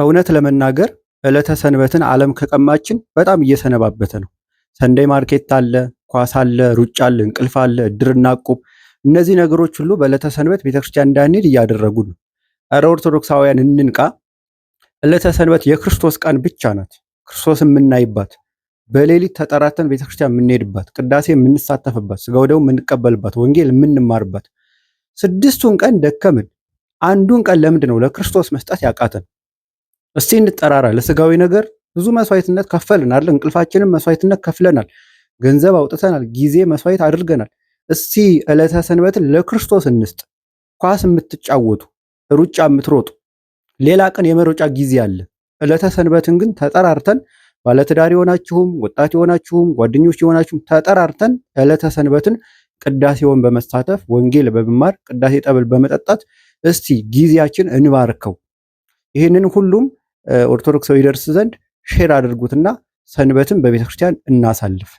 ከእውነት ለመናገር ዕለተ ሰንበትን ዓለም ከቀማችን በጣም እየሰነባበተ ነው። ሰንደይ ማርኬት አለ፣ ኳስ አለ፣ ሩጫ አለ፣ እንቅልፍ አለ፣ እድርና ቁብ እነዚህ ነገሮች ሁሉ በዕለተ ሰንበት ቤተክርስቲያን እንዳንሄድ እያደረጉ ነው። እረ ኦርቶዶክሳውያን እንንቃ። ዕለተ ሰንበት የክርስቶስ ቀን ብቻ ናት። ክርስቶስ የምናይባት፣ በሌሊት ተጠራተን ቤተክርስቲያን የምንሄድባት፣ ቅዳሴ የምንሳተፍባት፣ ስጋ ወደሙ የምንቀበልባት፣ ወንጌል የምንማርባት። ስድስቱን ቀን ደከምን። አንዱን ቀን ለምንድን ነው ለክርስቶስ መስጠት ያቃተን? እስቲ እንጠራራ። ለስጋዊ ነገር ብዙ መስዋዕትነት ከፈልናል። እንቅልፋችንን መስዋዕትነት ከፍለናል። ገንዘብ አውጥተናል። ጊዜ መስዋዕት አድርገናል። እስቲ ዕለተ ሰንበትን ለክርስቶስ እንስጥ። ኳስ የምትጫወቱ ሩጫ የምትሮጡ ሌላ ቀን የመሮጫ ጊዜ አለ። ዕለተ ሰንበትን ግን ተጠራርተን ባለትዳር የሆናችሁም ወጣት የሆናችሁም ጓደኞች የሆናችሁም ተጠራርተን ዕለተ ሰንበትን ቅዳሴውን በመሳተፍ ወንጌል በመማር ቅዳሴ ጠብል በመጠጣት እስቲ ጊዜያችን እንባርከው። ይህንን ሁሉም ኦርቶዶክሳዊ ይደርስ ዘንድ ሼር አድርጉትና ሰንበትን በቤተክርስቲያን እናሳልፍ።